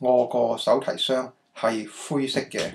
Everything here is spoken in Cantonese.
我個手提箱係灰色嘅。